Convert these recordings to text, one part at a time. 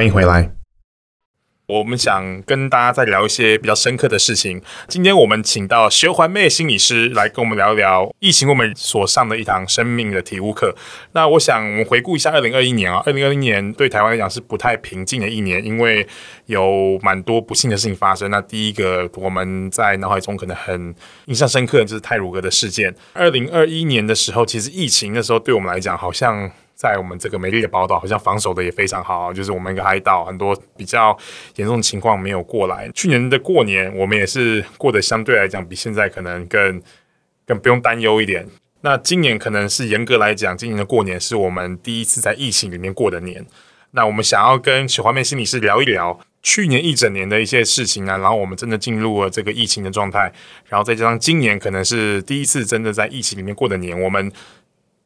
歡迎回來。我們想跟大家再聊一些比較深刻的事情。今天我們請到燒番麥心理師來跟我們聊一聊疫情，我們所上的一堂生命的體悟課。那我想，回顧一下二零二一年啊，二零二一年對台灣來講是不太平靜的一年，因為有蠻多不幸的事情發生。那第一個，我們在腦海中可能很印象深刻的就是太魯閣的事件。二零二一年的時候，其實疫情的時候對我們來講好像。在我們這個美麗的寶島，好像防守的也非常好，就是我們一個海島，很多比較嚴重的情況沒有過來。去年的過年，我們也是過得相對來講比現在可能更更不用擔憂一點。那今年可能是嚴格來講，今年的過年是我們第一次在疫情裡面過的年。那我們想要跟燒番麥心理師聊一聊去年一整年的一些事情啊，然後我們真的進入了這個疫情的狀態，然後再加上今年可能是第一次真的在疫情裡面過的年，我們。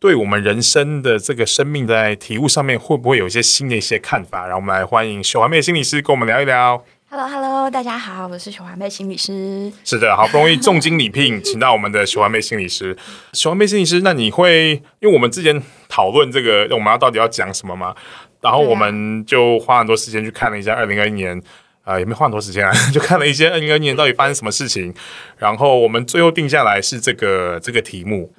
對我們人生的這個生命在體悟上面，會不會有一些新的一些看法？然後我們來歡迎燒番麥心理師跟我們聊一聊。Hello，Hello，hello, 大家好，我是燒番麥心理師。是的，好不容易重金禮聘， 請到我們的燒番麥心理師。燒番麥心理師，那你會因為我們之前討論這個，我們要到底要講什麼嗎？然後我們就花很多時間去看了一下二零二一年，呃，也沒花很多時間啊？就看了一些二零二一年到底發生什麼事情，然後我們最後定下來是這個這個題目。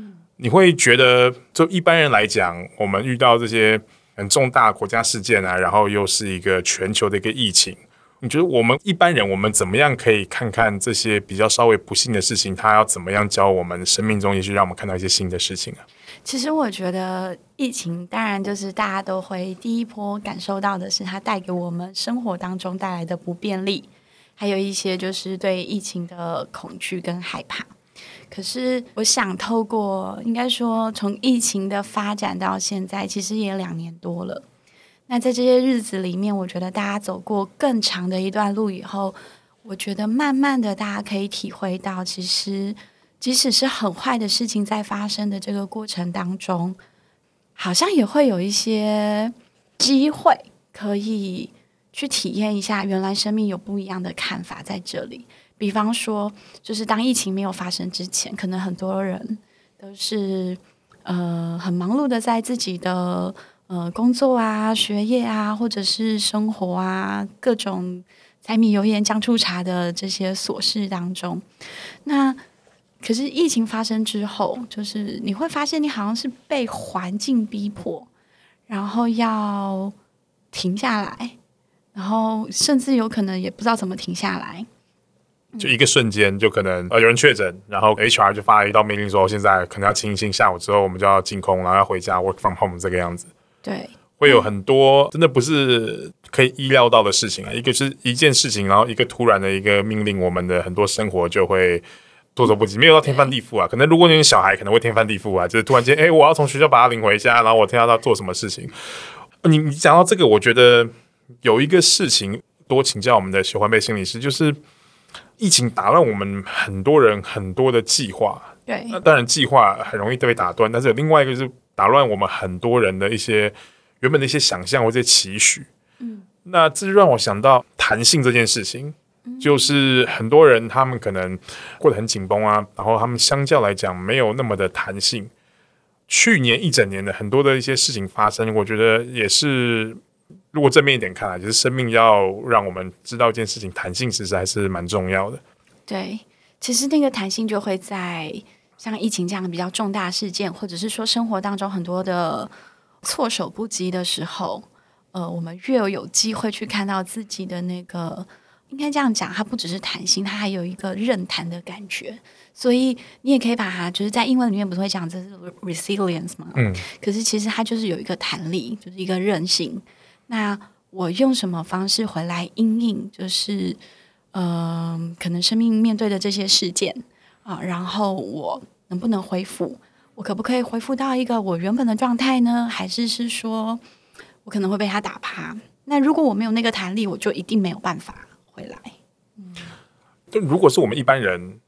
你會覺得，就一般人來講，我們遇到這些很重大的國家事件啊，然後又是一個全球的一個疫情，你覺得我們一般人，我們怎麼樣可以看看這些比較稍微不幸的事情，他要怎麼樣教我們生命中，也許讓我們看到一些新的事情啊？其實我覺得，疫情當然就是大家都會第一波感受到的是，它帶給我們生活當中帶來的不便利，還有一些就是對疫情的恐懼跟害怕。可是，我想透過，應該說，從疫情的發展到現在，其實也兩年多了。那在這些日子裡面，我覺得大家走過更長的一段路以後，我覺得慢慢地，大家可以體會到，其實即使是很壞的事情在發生的這個過程當中，好像也會有一些機會，可以去體驗一下，原來生命有不一樣的看法在這裡。比方說，就是當疫情沒有發生之前，可能很多人都是呃很忙碌的，在自己的呃工作啊、學業啊，或者是生活啊，各種柴米油鹽醬醋茶的這些瑣事當中。那可是疫情發生之後，就是你會發現，你好像是被環境逼迫，然後要停下來，然後甚至有可能也不知道怎麼停下來。就一個瞬間，就可能呃，有人確診，然後 HR 就發了一道命令說，說現在可能要清一清。下午之後，我們就要淨空，然後要回家 work from home 這個樣子。對，會有很多真的不是可以意料到的事情啊、嗯。一個是一件事情，然後一個突然的一個命令，我們的很多生活就會措手不及、嗯，沒有到天翻地覆啊。可能如果你有小孩可能會天翻地覆啊，就是突然間，哎，我要從學校把他領回家，然後我聽到他做什麼事情。你你講到這個，我覺得有一個事情多請教我們的燒番麥心理師，就是。疫情打亂我們很多人很多的計劃，對，那當然計劃很容易都被打斷，但是有另外一個就是打亂我們很多人的一些原本的一些想象或者期許，嗯，那這就讓我想到彈性這件事情，嗯、就是很多人他們可能過得很緊繃啊，然後他們相較來講沒有那麼的彈性。去年一整年的很多的一些事情發生，我覺得也是，如果正面一點看來，就是生命要讓我們知道一件事情，彈性其實還是蠻重要的。對，其實那個彈性就會在像疫情這樣比較重大事件，或者是說生活當中很多的措手不及的時候，呃，我們越有機會去看到自己的那個，應該這樣講，它不只是彈性，它還有一個韌彈的感覺。所以你也可以把它，就是在英文裡面不是會講這是 resilience 嘛，嗯。可是其實它就是有一個彈力，就是一個韌性。那我用什麼方式回來因應？就是，嗯、呃，可能生命面對的這些事件啊，然後我能不能恢復？我可不可以恢復到一個我原本的狀態呢？還是是說，我可能會被他打趴？那如果我沒有那個彈力，我就一定沒有辦法回來。嗯，就如果是我們一般人，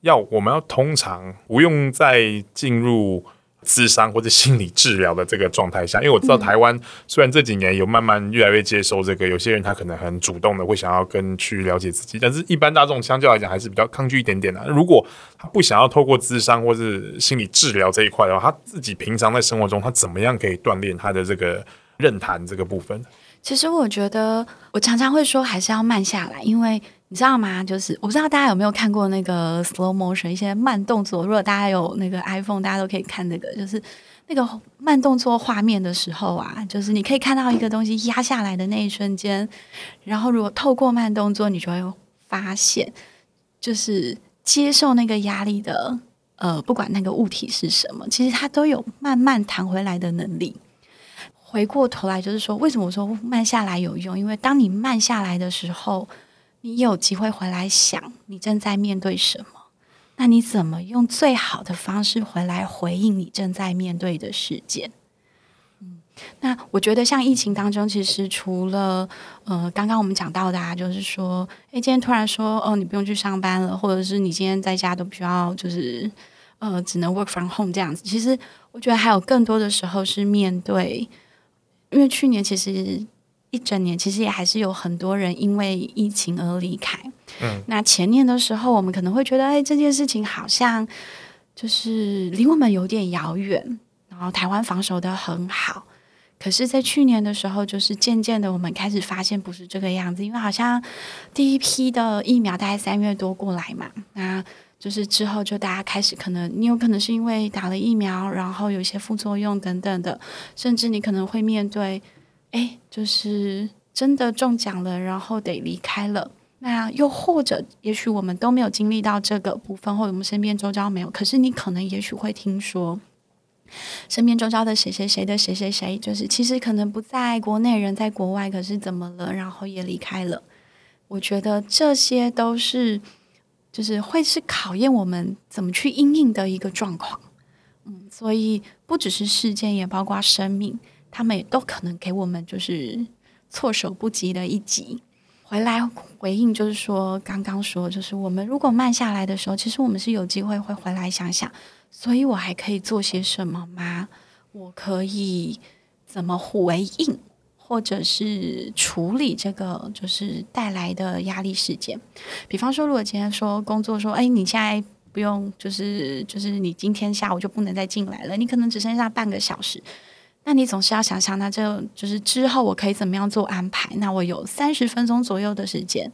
要我們要通常不用再進入。諮商或者心理治療的這個狀態下，因為我知道台灣雖然這幾年有慢慢越來越接受這個，有些人他可能很主動的會想要跟去了解自己，但是一般大眾相較來講還是比較抗拒一點點的。如果他不想要透過諮商或是心理治療這一塊的話，他自己平常在生活中他怎麼樣可以鍛煉他的這個韌彈這個部分？其實我覺得我常常會說還是要慢下來，因為。你知道嗎？就是我不知道大家有沒有看過那個 slow motion 一些慢動作。如果大家有那個 iPhone，大家都可以看那個，就是那個慢動作畫面的時候啊，就是你可以看到一個東西壓下來的那一瞬間，然後如果透過慢動作，你就會發現，就是接受那個壓力的，呃，不管那個物體是什麼，其實它都有慢慢彈回來的能力。回過頭來，就是說，為什麼我說慢下來有用？因為當你慢下來的時候。你有機會回來想，你正在面對什麼？那你怎麼用最好的方式回來回應你正在面對的事件？嗯，那我覺得像疫情當中，其實除了呃，剛剛我們講到的，啊，就是說，哎，今天突然說哦，你不用去上班了，或者是你今天在家都不需要，就是呃，只能 work from home 這樣子。其實我覺得還有更多的時候是面對，因為去年其實。一整年，其實也還是有很多人因為疫情而離開。嗯。那前年的時候，我們可能會覺得，哎，這件事情好像就是離我們有點遙遠。然後台灣防守得很好，可是在去年的時候，就是漸漸的，我們開始發現不是這個樣子。因為好像第一批的疫苗大概三月多過來嘛，那就是之後就大家開始可能你有可能是因為打了疫苗，然後有一些副作用等等的，甚至你可能會面對。哎，就是真的中獎了，然後得離開了。那又或者，也許我們都沒有經歷到這個部分，或者我們身邊周遭沒有。可是你可能也許會聽說，身邊周遭的誰誰誰的誰誰誰，就是其實可能不在國內，人在國外，可是怎麼了，然後也離開了。我覺得這些都是，就是會是考驗我們怎麼去因應的一個狀況。嗯，所以不只是事件，也包括生命。他們也都可能給我們就是措手不及的一擊。回來回應，就是說剛剛說，就是我們如果慢下來的時候，其實我們是有機會會回來想想，所以我還可以做些什麼嗎？我可以怎麼回應，或者是處理這個就是帶來的壓力事件？比方說，如果今天說工作說，哎，你現在不用，就是就是你今天下午就不能再進來了，你可能只剩下半個小時。那你總是要想想，那就就是之後我可以怎麼樣做安排？那我有三十分鐘左右的時間，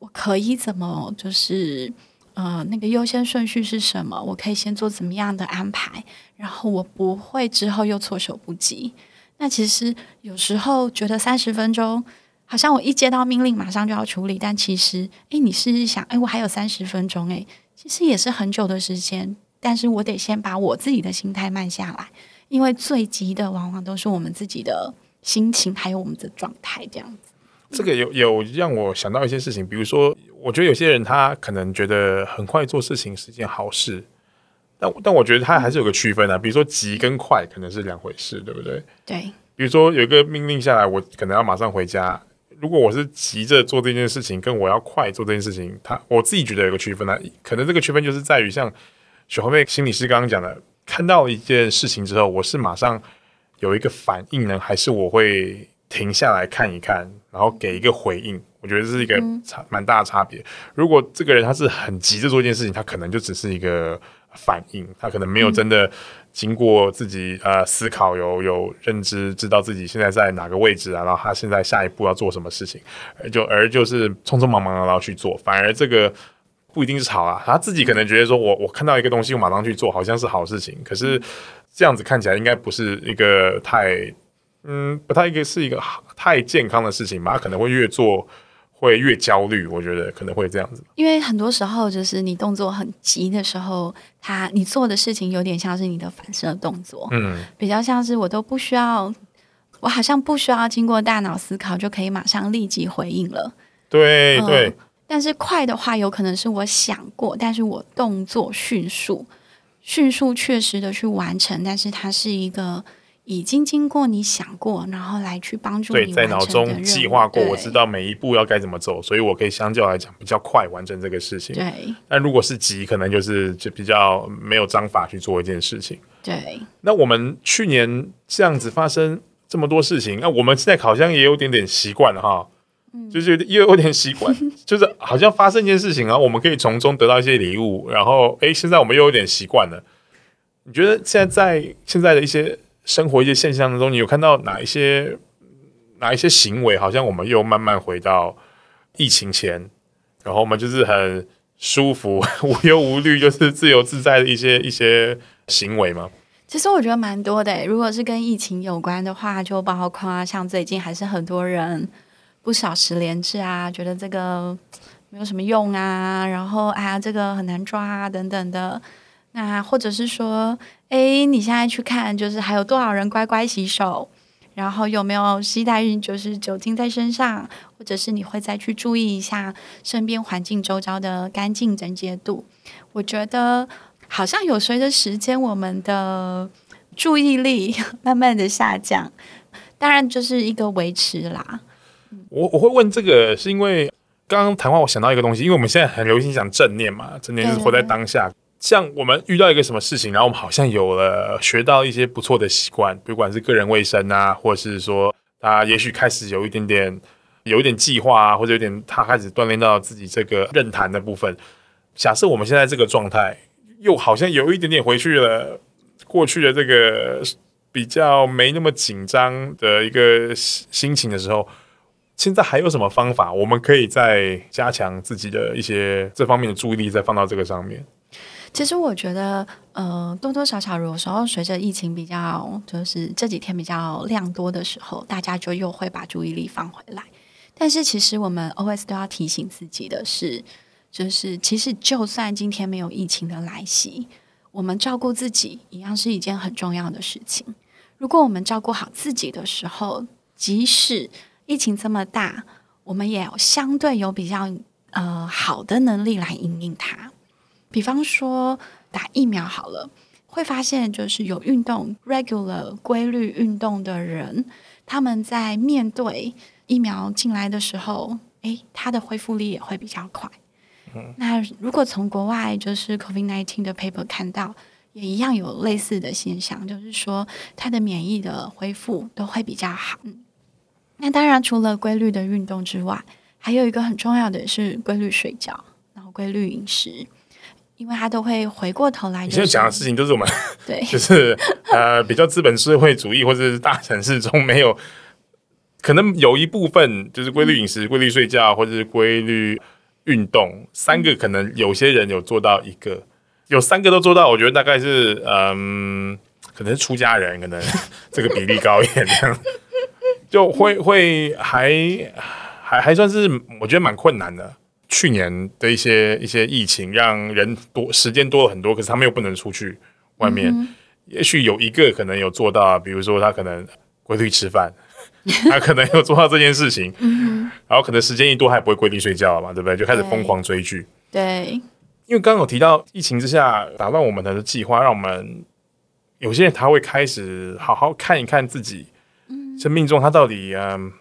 我可以怎麼就是呃，那個優先順序是什麼？我可以先做怎麼樣的安排？然後我不會之後又措手不及。那其實有時候覺得三十分鐘好像我一接到命令馬上就要處理，但其實哎，你試試想，哎，我還有三十分鐘，誒，其實也是很久的時間，但是我得先把我自己的心態慢下來。因為最急的往往都是我們自己的心情，還有我們的狀態這樣子。這個有有讓我想到一些事情，比如說，我覺得有些人他可能覺得很快做事情是一件好事，但但我覺得他還是有個區分啊。嗯，比如說急跟快可能是兩回事，嗯，對不對？對。比如說有一個命令下來，我可能要馬上回家。如果我是急着做這件事情，跟我要快做這件事情，他我自己覺得有個區分啊。可能這個區分就是在於像燒番麥心理師剛剛講的。看到一件事情之後，我是馬上有一個反應呢，還是我會停下來看一看，然後給一個回應？我覺得這是一個差蠻大的差別。嗯。如果這個人他是很急着做一件事情，他可能就只是一個反應，他可能沒有真的經過自己、嗯、呃思考有，有有認知，知道自己現在在哪個位置啊，然後他現在下一步要做什麼事情，而就而就是匆匆忙忙的然後去做，反而這個。不一定是好啊，他自己可能覺得說我、我我看到一個東西，我馬上去做，好像是好事情。可是這樣子看起來，應該不是一個太嗯不太一個是一個太健康的事情吧。他可能會越做會越焦慮，我覺得可能會這樣子。因為很多時候，就是你動作很急的時候，他你做的事情有點像是你的反射動作，嗯，比較像是我都不需要，我好像不需要經過大腦思考就可以馬上立即回應了。對、呃、對。但是快的話，有可能是我想過，但是我動作迅速、迅速、確實的去完成。但是它是一個已經經過你想過，然後來去幫助你的。對，在腦中計劃過，我知道每一步要該怎麼走，所以我可以相較來講比較快完成這個事情。對。那如果是急，可能就是就比較沒有章法去做一件事情。對。那我們去年這樣子發生這麼多事情，那、啊、我們現在好像也有點點習慣了哈。就是又有點習慣，就是好像發生一件事情啊，我們可以從中得到一些禮物，然後誒、欸，現在我們又有點習慣了。你覺得現在在現在的一些生活、一些現象當中，你有看到哪一些、哪一些行為，好像我們又慢慢回到疫情前，然後我們就是很舒服、無憂無慮，就是自由自在的一些、一些行為嗎？其實我覺得蠻多的、欸，如果是跟疫情有關的話，就包括像最近還是很多人。不少實聯制啊，覺得這個沒有什麼用啊，然後啊，這個很難抓啊等等的。那或者是說，哎，你現在去看，就是還有多少人乖乖洗手，然後有沒有攜帶就是酒精在身上，或者是你會再去注意一下身邊環境周遭的乾淨整潔度？我覺得好像有隨着時間，我們的注意力慢慢的下降。當然，就是一個維持啦。我我會問這個，是因為剛剛談話我想到一個東西，因為我們現在很流行講正念嘛，正念就是活在當下對對對對。像我們遇到一個什麼事情，然後我們好像有了學到一些不錯的習慣，不管是個人衛生啊，或者是說他、啊、也許開始有一點點有一點計劃、啊，或者有點他開始鍛鍊到自己這個韌彈的部分。假設我們現在這個狀態，又好像有一點點回去了過去的這個比較沒那麼緊張的一個心情的時候。現在還有什麼方法我們可以再加強自己的一些這方面的注意力，再放到這個上面？其實我覺得，呃，多多少少說，有時候隨着疫情比較，就是這幾天比較量多的時候，大家就又會把注意力放回來。但是，其實我們 always 都要提醒自己的是，就是其實就算今天沒有疫情的來襲，我們照顧自己一樣是一件很重要的事情。如果我們照顧好自己的時候，即使疫情這麼大，我們也相對有比較呃好的能力來因應它。比方說打疫苗好了，會發現就是有運動 regular 規律運動的人，他們在面對疫苗進來的時候，誒，他的恢復力也會比較快、嗯。那如果從國外就是 COVID 19的 paper 看到，也一樣有類似的現象，就是說他的免疫的恢復都會比較好。那當然，除了規律的運動之外，還有一個很重要的是規律睡覺，然後規律飲食，因為它都會回過頭來，就是。你現在講的事情，都是我們對， 就是呃，比較資本社會主義或者是大城市中沒有，可能有一部分就是規律飲食、嗯、規律睡覺或者是規律運動三個，可能有些人有做到一個，有三個都做到，我覺得大概是嗯，可能是出家人，可能這個比例高一點這樣。 就會會還還還算是我覺得蠻困難的。去年的一些一些疫情，讓人多時間多了很多，可是他們又不能出去外面。也許有一個可能有做到，比如說他可能規律吃飯，他可能有做到這件事情。然後可能時間一多，他還不會規律睡覺了嘛，對不對？就開始瘋狂追劇。對，因為剛剛有提到疫情之下打亂我們的計劃，讓我們有些人他會開始好好看一看自己。生命中他到底嗯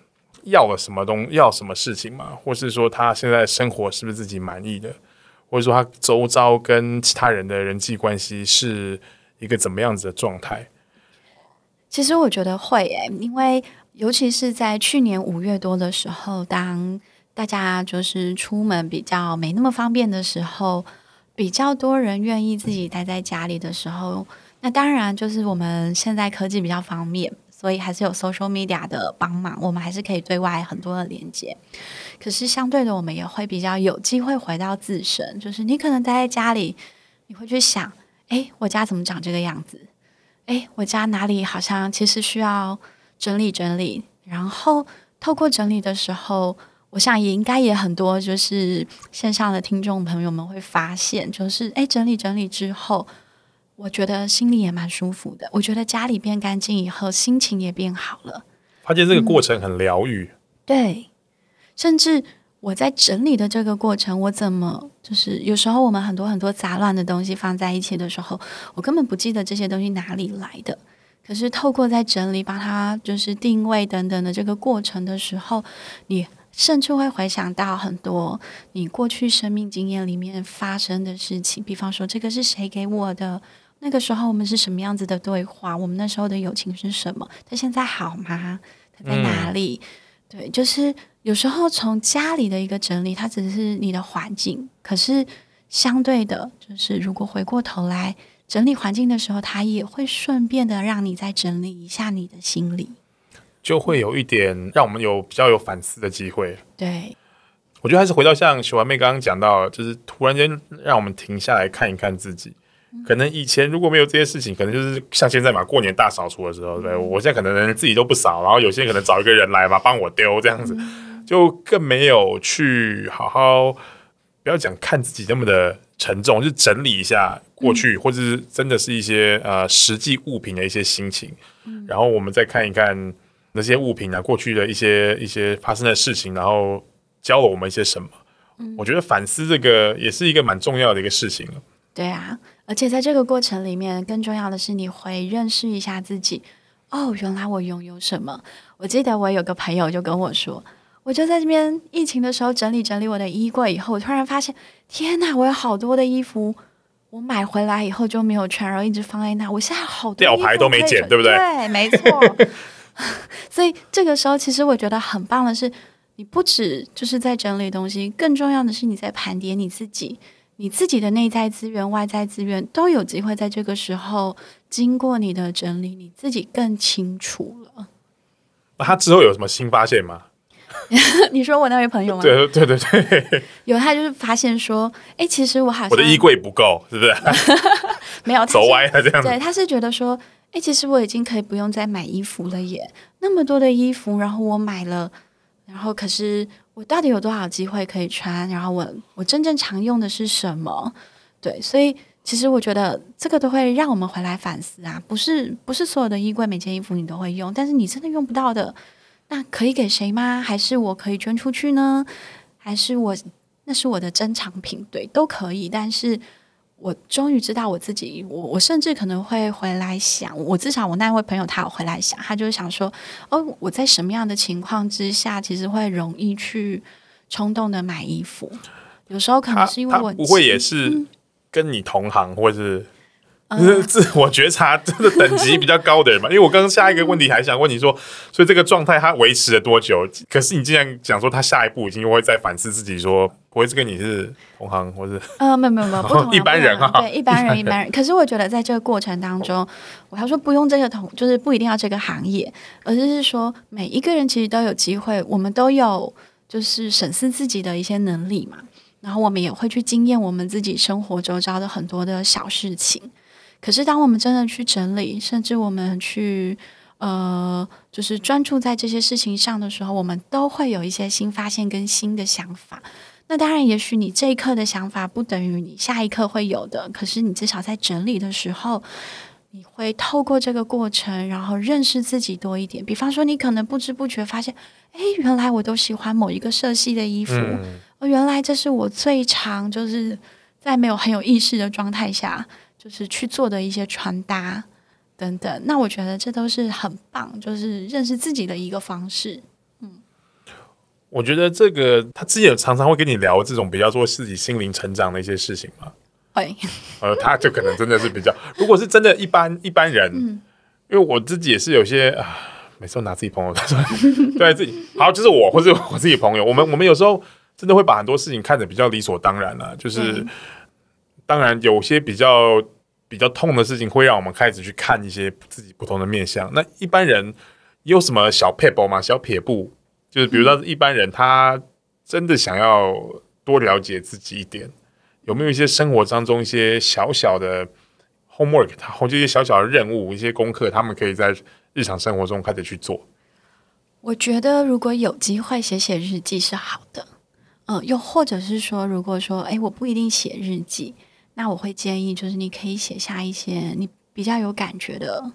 要了什麼東要什麼事情嗎？或是說他現在生活是不是自己滿意的？或者說他周遭跟其他人的人際關係是一個怎麼樣子的狀態？其實我覺得會誒、欸，因為尤其是在去年五月多的時候，當大家就是出門比較沒那麼方便的時候，比較多人願意自己待在家裡的時候，那當然就是我們現在科技比較方便。所以還是有 social media 的幫忙，我們還是可以對外很多的連接。可是相對的，我們也會比較有機會回到自身，就是你可能待在家裡，你會去想：欸，我家怎麼長這個樣子？欸，我家哪裡好像其實需要整理整理。然後透過整理的時候，我想也應該也很多，就是線上的聽眾朋友們會發現，就是欸，整理整理之後。我覺得心裡也蠻舒服的。我覺得家裡變乾淨以後，心情也變好了。他覺得這個過程很療癒。嗯。對，甚至我在整理的這個過程，我怎麼就是有時候我們很多很多雜亂的東西放在一起的時候，我根本不記得這些東西哪裡來的。可是透過在整理，把它就是定位等等的這個過程的時候，你甚至會回想到很多你過去生命經驗裡面發生的事情，比方說這個是誰給我的？那個時候我們是什麼樣子的對話？我們那時候的友情是什麼？他現在好嗎？他在哪裡？嗯。對，就是有時候從家裡的一個整理，它只是你的環境，可是相對的，就是如果回過頭來整理環境的時候，它也會順便的讓你再整理一下你的心理，就會有一點讓我們有比較有反思的機會。對，我覺得還是回到像燒番麥剛剛講到，就是突然間讓我們停下來看一看自己。可能以前如果沒有這些事情，可能就是像現在嘛，過年大掃除的時候，對、嗯、我現在可能自己都不掃，然後有些人可能找一個人來吧，幫我丟這樣子、嗯，就更沒有去好好不要講看自己那麼的沉重，就是、整理一下過去、嗯，或者是真的是一些呃實際物品的一些心情、嗯。然後我們再看一看那些物品啊，過去的一些一些發生的事情，然後教了我們一些什麼。嗯、我覺得反思這個也是一個蠻重要的一個事情。對啊。而且在這個過程裡面，更重要的是你會認識一下自己。哦，原來我擁有什麼？我記得我有個朋友就跟我說，我就在這邊疫情的時候整理整理我的衣櫃，以後我突然發現，天哪，我有好多的衣服，我買回來以後就沒有穿，然後一直放在那。我現在好多吊牌都沒剪，對不對？對，沒錯。 所以這個時候，其實我覺得很棒的是，你不止就是在整理東西，更重要的是你在盤點你自己。你自己的內在資源、外在資源都有機會在這個時候經過你的整理，你自己更清楚了。啊、他之後有什麼新發現嗎？ 你說我那位朋友嗎？對對對對，對對 有，他就是發現說，哎、欸，其實我好像，我的衣櫃不夠，是不是？ 沒有，他走歪了這樣。對，他是覺得說，哎、欸，其實我已經可以不用再買衣服了，耶，那麼多的衣服，然後我買了。然後，可是我到底有多少機會可以穿？然後我我真正常用的是什麼？對，所以其實我覺得這個都會讓我們回來反思啊。不是不是所有的衣櫃每件衣服你都會用，但是你真的用不到的，那可以給誰嗎？還是我可以捐出去呢？還是我那是我的珍藏品？對，都可以。但是。我終於知道我自己，我我甚至可能會回來想，我至少我那位朋友他有回來想，他就想說，哦，我在什麼樣的情況之下，其實會容易去衝動的買衣服，有時候可能是因為我不會也是跟你同行，或是。是、嗯、自我覺察，這個等級比較高的人嘛？ 因為我剛剛下一個問題還想問你說，所以這個狀態他維持了多久？可是你竟然講說他下一步已經又會再反思自己說，說不會是跟你是同行，或是呃，沒有沒有沒有，一般人哈，對一般人一般人，一般人。可是我覺得在這個過程當中，嗯、我還說不用這個同，就是不一定要這個行業，而是是說每一個人其實都有機會，我們都有就是審視自己的一些能力嘛，然後我們也會去經驗我們自己生活周遭的很多的小事情。可是，當我們真的去整理，甚至我們去呃，就是專注在這些事情上的時候，我們都會有一些新發現跟新的想法。那當然，也許你這一刻的想法不等於你下一刻會有的。可是，你至少在整理的時候，你會透過這個過程，然後認識自己多一點。比方說，你可能不知不覺發現，誒，原來我都喜歡某一個色系的衣服，哦、嗯，原來這是我最常就是在沒有很有意識的狀態下。就是去做的一些穿搭等等，那我覺得這都是很棒，就是認識自己的一個方式。嗯，我覺得這個他自己也常常會跟你聊這種比較說自己心靈成長的一些事情嘛。會、哎，呃、嗯，他就可能真的是比較， 如果是真的一般一般人、嗯，因為我自己也是有些啊，每次拿自己朋友 對自己，好就是我或者我自己朋友，我們我們有時候真的會把很多事情看得比較理所當然了、啊，就是。嗯當然，有些比較比較痛的事情，會讓我們開始去看一些自己不同的面相。那一般人有什麼小 p a 嗎？小撇步就是，比如說一般人他真的想要多了解自己一點，有沒有一些生活當中一些小小的 homework，或者一些小小的任務、一些功課，他們可以在日常生活中開始去做？我覺得，如果有機會寫寫日記是好的。嗯，又或者是說，如果說，哎，我不一定寫日記。那我會建議，就是你可以寫下一些你比較有感覺的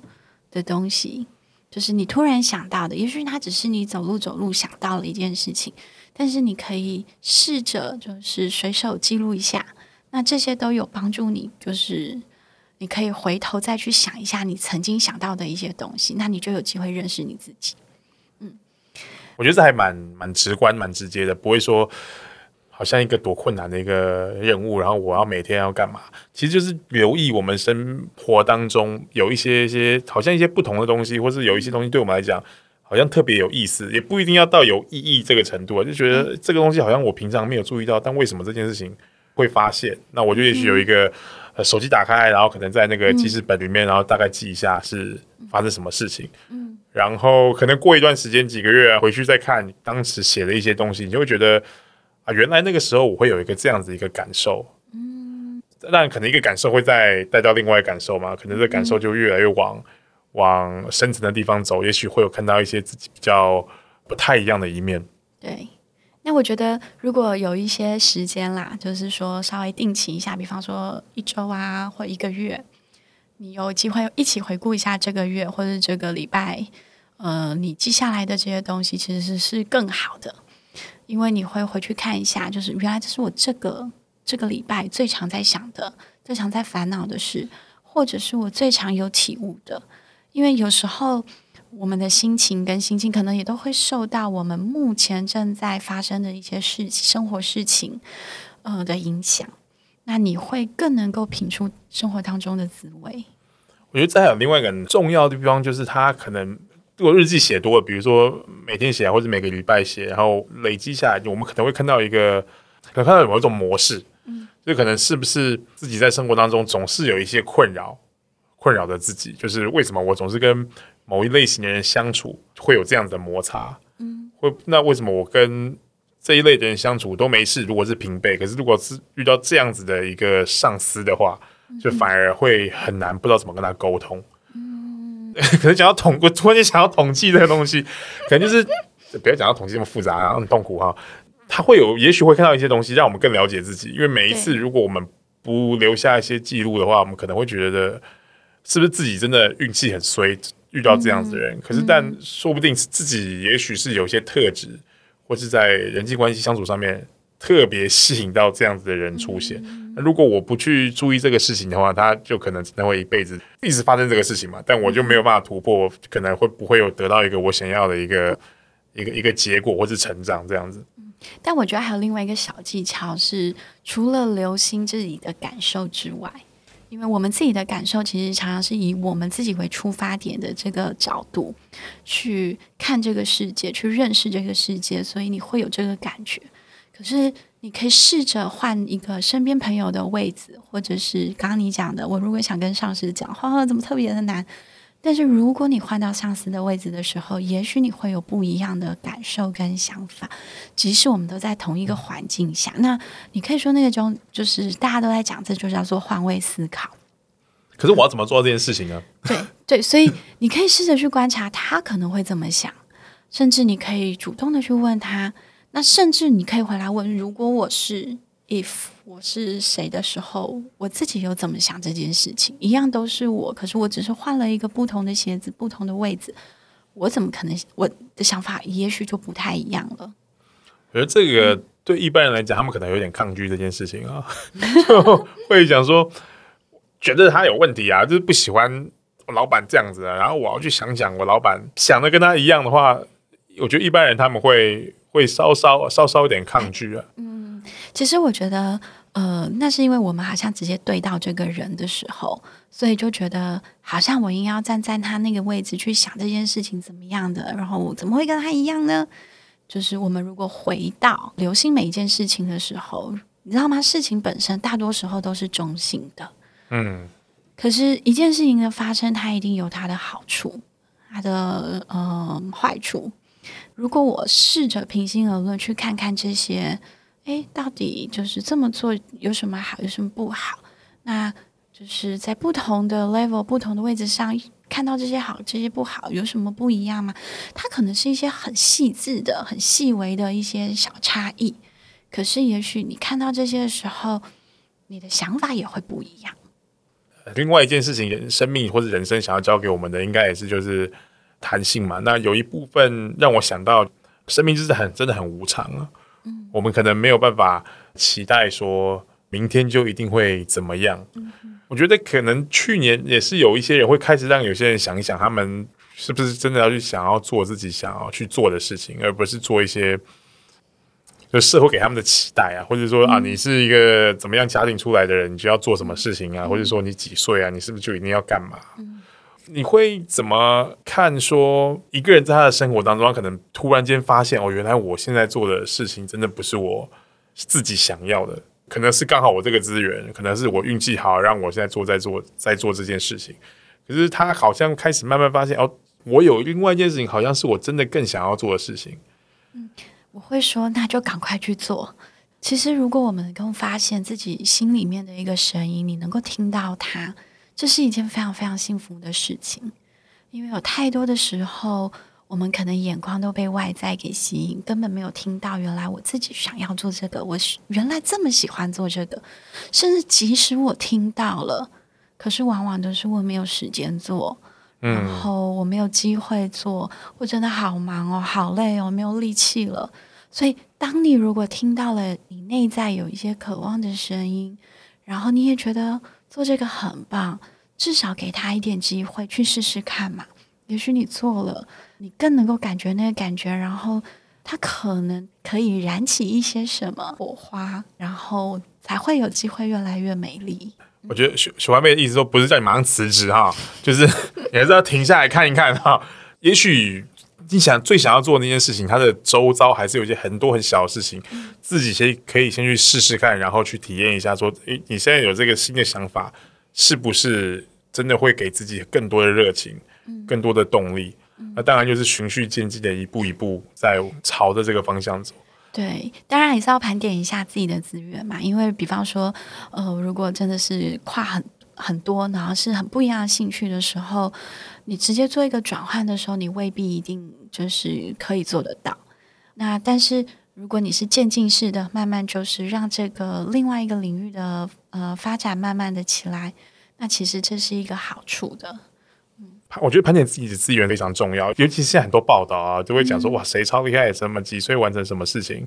的東西，就是你突然想到的，也許它只是你走路走路想到的一件事情，但是你可以試着就是隨手記錄一下，那這些都有幫助你，就是你可以回頭再去想一下你曾經想到的一些東西，那你就有機會認識你自己。嗯，我覺得這還蠻蠻直觀、蠻直接的，不會說。好像一個多困難的一個任務，然後我要每天要幹嘛？其實就是留意我們生活當中有一些一些好像一些不同的東西，或是有一些東西對我們來講好像特別有意思，也不一定要到有意義這個程度。就覺得這個東西好像我平常沒有注意到，但為什麼這件事情會發現？那我就也許有一個手機打開，然後可能在那個記事本裡面，然後大概記一下是發生什麼事情，嗯，然後可能過一段時間幾個月啊，回去再看當時寫的一些東西，你就會覺得。啊，原來那個時候我會有一個這樣子一個感受，嗯，但可能一個感受會再帶，帶到另外一個感受嘛，可能這個感受就越來越往、嗯、往深層的地方走，也許會有看到一些自己比較不太一樣的一面。對，那我覺得如果有一些時間啦，就是說稍微定期一下，比方說一周啊或一個月，你有機會一起回顧一下這個月或者這個禮拜、呃，你記下來的這些東西其實是更好的。因為你會回去看一下，就是原來這是我這個這個禮拜最常在想的、最常在煩惱的事，或者是我最常有體悟的。因為有時候我們的心情跟心境，可能也都會受到我們目前正在發生的一些事、生活事情，呃的影響。那你會更能夠品出生活當中的滋味。我覺得再有另外一個很重要的地方，就是他可能。如果日記寫多了，比如說每天寫，或者每個禮拜寫，然後累積下來，我們可能會看到一個，可能看到有某一種模式，嗯，就可能是不是自己在生活當中總是有一些困擾，困擾着自己，就是為什麼我總是跟某一類型的人相處會有這樣子的摩擦，嗯，會那為什麼我跟這一類的人相處都沒事，如果是平輩，可是如果是遇到這樣子的一個上司的話，就反而會很難，不知道怎麼跟他溝通。可能講到統，我突然間想要統計這個東西，可能就是 不要講到統計這麼複雜然後很痛苦哈。他會有，也許會看到一些東西，讓我們更了解自己。因為每一次，如果我們不留下一些記錄的話，我們可能會覺得是不是自己真的運氣很衰，遇到這樣子的人。嗯、可是，但說不定自己，也許是有一些特質，或是在人際關係相處上面特別吸引到這樣子的人出現。嗯嗯如果我不去注意這個事情的話，他就可能只會一輩子一直發生這個事情嘛。但我就沒有辦法突破，我可能會不會有得到一個我想要的一個一個一個結果，或是成長這樣子。嗯，但我覺得還有另外一個小技巧是，除了留心自己的感受之外，因為我們自己的感受其實常常是以我們自己為出發點的這個角度去看這個世界，去認識這個世界，所以你會有這個感覺。可是，你可以試着換一個身邊朋友的位置，或者是剛剛你講的，我如果想跟上司講話，哦、怎麼特別的難？但是，如果你換到上司的位置的時候，也許你會有不一樣的感受跟想法。即使我們都在同一個環境下，嗯、那你可以說那個中、就是、就是大家都在講，這就叫做換位思考。可是，我要怎麼做到這件事情呢？ 對對，所以你可以試着去觀察他可能會怎麼想，甚至你可以主動的去問他。那甚至你可以回來問：如果我是 if 我是誰的時候，我自己又怎麼想這件事情？一樣都是我，可是我只是換了一個不同的鞋子、不同的位置，我怎麼可能，我的想法也許就不太一樣了。而這個對一般人來講、嗯，他們可能有點抗拒這件事情啊， 就會講說覺得他有問題啊，就是不喜歡我老板這樣子啊，然後我要去想想，我老板想的跟他一樣的話，我覺得一般人他們會。會稍稍稍稍有點抗拒啊。嗯，其實我覺得，呃，那是因為我們好像直接對到這個人的時候，所以就覺得好像我應該要站在他那個位置去想這件事情怎麼樣的，然後怎麼會跟他一樣呢？就是我們如果回到留心每一件事情的時候，你知道嗎？事情本身大多時候都是中性的。嗯，可是一件事情的發生，它一定有它的好處，它的呃壞處。如果我試着平心而論去看看這些，哎，到底就是這麼做有什麼好，有什麼不好？那就是在不同的 level，不同的位置上看到這些好、這些不好，有什麼不一樣嗎？它可能是一些很細緻的、很細微的一些小差異。可是，也許你看到這些的時候，你的想法也會不一樣。另外一件事情，生命或者人生想要教給我們的，應該也是就是。彈性嘛，那有一部分讓我想到，生命就是很真的很無常啊、嗯。我們可能沒有辦法期待說明天就一定會怎麼樣、嗯。我覺得可能去年也是有一些人會開始讓有些人想一想，他們是不是真的要去想要做自己想要去做的事情，而不是做一些就社會給他們的期待啊，或者說、嗯、啊，你是一個怎麼樣家庭出來的人，你就要做什麼事情啊，嗯、或者說你幾歲啊，你是不是就一定要幹嘛？嗯你會怎麼看？說一個人在他的生活當中，可能突然間發現哦，原來我現在做的事情真的不是我自己想要的，可能是剛好我這個資源，可能是我運氣好，讓我現在做在做在做這件事情。可是他好像開始慢慢發現哦，我有另外一件事情，好像是我真的更想要做的事情。嗯，我會說那就趕快去做。其實如果我們能夠發現自己心裡面的一個聲音，你能夠聽到它。這是一件非常非常幸福的事情，因為有太多的時候，我們可能眼光都被外在給吸引，根本沒有聽到原來我自己想要做這個，我原來這麼喜歡做這個，甚至即使我聽到了，可是往往都是我沒有時間做，嗯、然後我沒有機會做，我真的好忙哦，好累哦，沒有力氣了。所以，當你如果聽到了你內在有一些渴望的聲音，然後你也覺得。做這個很棒，至少給他一點機會去試試看嘛。也許你做了，你更能夠感覺那個感覺，然後他可能可以燃起一些什麼火花，然後才會有機會越來越美麗。我覺得燒番麥的意思說不是叫你馬上辭職哈、嗯，就是你還 是要停下來看一看哈，也許。你想最想要做的那件事情，它的周遭還是有一些很多很小的事情，嗯、自己先可以先去試試看，然後去體驗一下說，說誒，你現在有這個新的想法，是不是真的會給自己更多的熱情，嗯、更多的動力？那、嗯、當然就是循序漸進的，一步一步在朝着這個方向走。對，當然也是要盤點一下自己的資源嘛，因為比方說，呃，如果真的是跨很很多，然後是很不一樣的興趣的時候，你直接做一個轉換的時候，你未必一定就是可以做得到。那但是如果你是漸進式的，慢慢就是讓這個另外一個領域的呃發展慢慢的起來，那其實這是一個好處的。嗯，我覺得盤點自己的資源非常重要，尤其是現在很多報道啊，都會講說，嗯，哇誰超厲害，什麼幾歲完成什麼事情。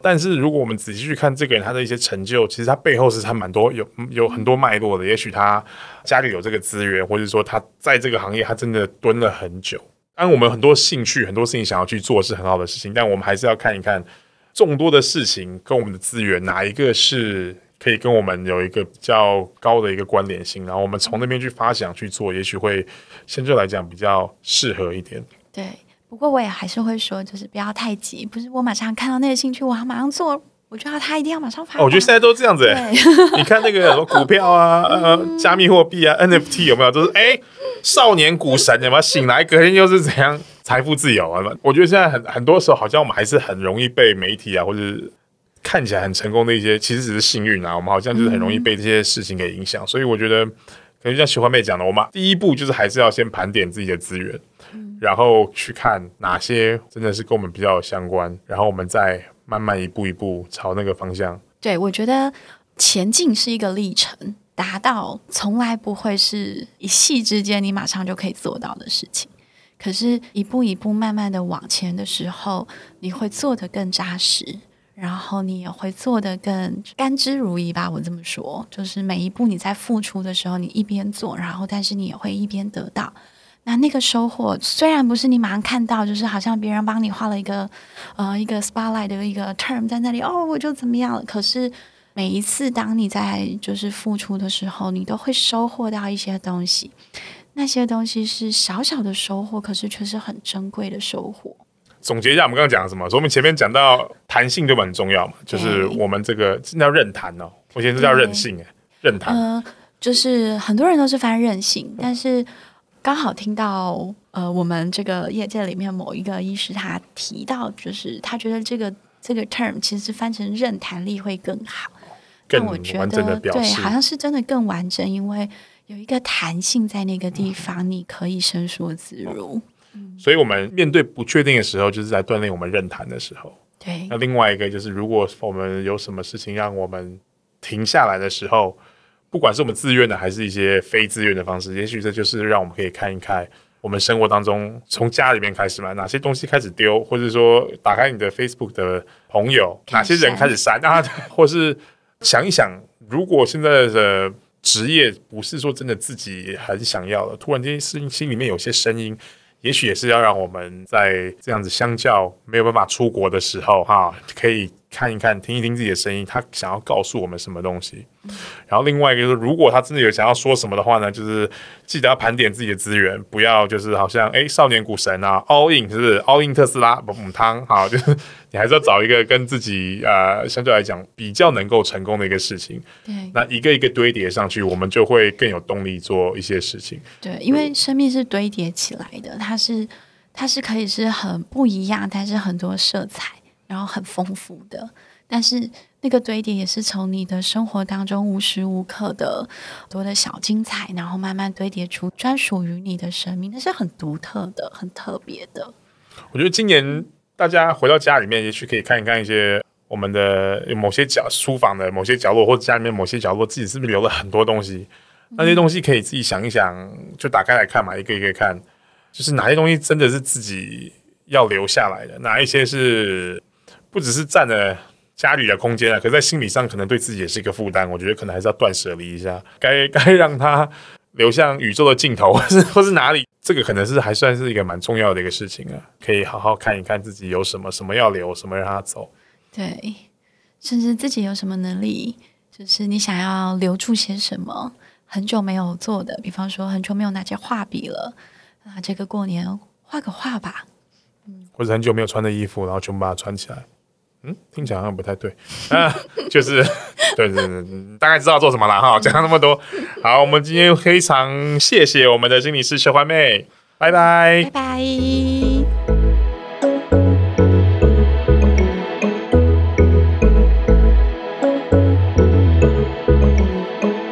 但是如果我們仔細去看這個人，他的一些成就，其實他背後是他蠻多有有很多脈絡的。也許他家裡有這個資源，或者說他在這個行業他真的蹲了很久。當然，我們很多興趣、很多事情想要去做是很好的事情，但我們還是要看一看眾多的事情跟我們的資源哪一個是可以跟我們有一個比較高的一個關聯性，然後我們從那邊去發想去做，也許會相對來講比較適合一點。對。不過我也還是會說，就是不要太急，不是我馬上看到那個興趣，我要馬上做，我就要他一定要馬上發、發。我覺得現在都這樣子。欸，你看那個什麼股票啊， 呃，加密貨幣啊、嗯、NFT 有沒有？就是哎、欸，少年股神有沒有？怎麼醒來，隔 天又是怎樣財富自由啊？我覺得現在很很多時候，好像我們還是很容易被媒體啊，或者是看起來很成功的一些，其實只是幸運啊。我們好像就是很容易被這些事情給影響。嗯，所以我覺得可能就像燒番麥講的，我們第一步就是還是要先盤點自己的資源。嗯、然後去看哪些真的是跟我們比較相關，然後我們再慢慢一步一步朝那個方向。對，我覺得前進是一個歷程，達到從來不會是一夕之間你馬上就可以做到的事情。可是一步一步慢慢的往前的時候，你會做得更扎實，然後你也會做得更甘之如飴吧。我這麼說，就是每一步你在付出的時候，你一邊做，然後但是你也會一邊得到。那那個收穫雖然不是你馬上看到，就是好像別人幫你畫了一個，呃，一個 spotlight 的一個 term 在那裡，哦，我就怎麼樣了。可是每一次當你在就是付出的時候，你都會收穫到一些東西。那些東西是小小的收穫，可是卻是很珍貴的收穫。總結一下，我們剛剛講的什麼？說我們前面講到彈性就蠻重要嘛，就是我們這個叫韌彈哦。我現在這叫韌性，哎，韌彈。嗯、呃，就是很多人都是犯韌性，但是。嗯剛好聽到呃，我們這個業界裡面某一個醫師他提到，就是他覺得這個這個 term 其實是翻成韌彈力會更好。更完整的表示，但我覺得對，好像是真的更完整，因為有一個彈性在那個地方，嗯、你可以伸縮自如。所以我們面對不確定的時候，就是在鍛煉我們韌彈的時候。對。那另外一個就是，如果我們有什麼事情讓我們停下來的時候。不管是我們自願的，還是一些非自願的方式，也許這就是讓我們可以看一看我們生活當中，從家裡面開始嘛，哪些東西開始丟，或者是說打開你的 Facebook 的朋友，哪些人開始刪啊，或是想一想，如果現在的職業不是說真的自己很想要的，突然間心心裡面有些聲音，也許也是要讓我們在這樣子相較沒有辦法出國的時候，哈，可以。看一看，聽一聽自己的聲音，他想要告訴我們什麼東西。嗯。然後另外一個就是，如果他真的有想要說什麼的話呢，就是記得要盤點自己的資源，不要就是好像哎，少年股神啊，all in 就是，不是 all in 特斯拉，母湯，好，就是你還是要找一個跟自己啊、 呃、相對來講比較能夠成功的一個事情。對，那一個一個堆疊上去，我們就會更有動力做一些事情。對，因為生命是堆疊起來的，它是它是可以是很不一樣，但是很多色彩。然後很豐富的，但是那個堆疊也是從你的生活當中無時無刻的多的小精彩，然後慢慢堆疊出專屬於你的生命，那是很獨特的、很特別的。我覺得今年大家回到家裡面，也許可以看一看一些我們的某些角書房的某些角落，或者家裡面某些角落，自己是不是留了很多東西？那些東西可以自己想一想，就打開來看嘛，一個一個一個看，就是哪些東西真的是自己要留下來的，哪一些是。不只是佔了家裡的空間啊，可在心理上可能對自己也是一個負擔。我覺得可能還是要斷舍離一下，該該讓它流向宇宙的盡頭，或是或是哪裡？這個可能是還算是一個蠻重要的一個事情啊，可以好好看一看自己有什麼什麼要留，什麼要讓它走。對，甚至自己有什麼能力，就是你想要留住些什麼，很久沒有做的，比方說很久沒有拿起畫筆了，那、啊、這個過年畫個畫吧。嗯，或者很久沒有穿的衣服，然後全部把它穿起來。嗯，聽起來好像不太對，嗯、 啊，就是，對對對，大概知道做什麼了哈。講了那麼多，好，我們今天非常謝謝我們的心理師燒番麥，拜拜，拜拜。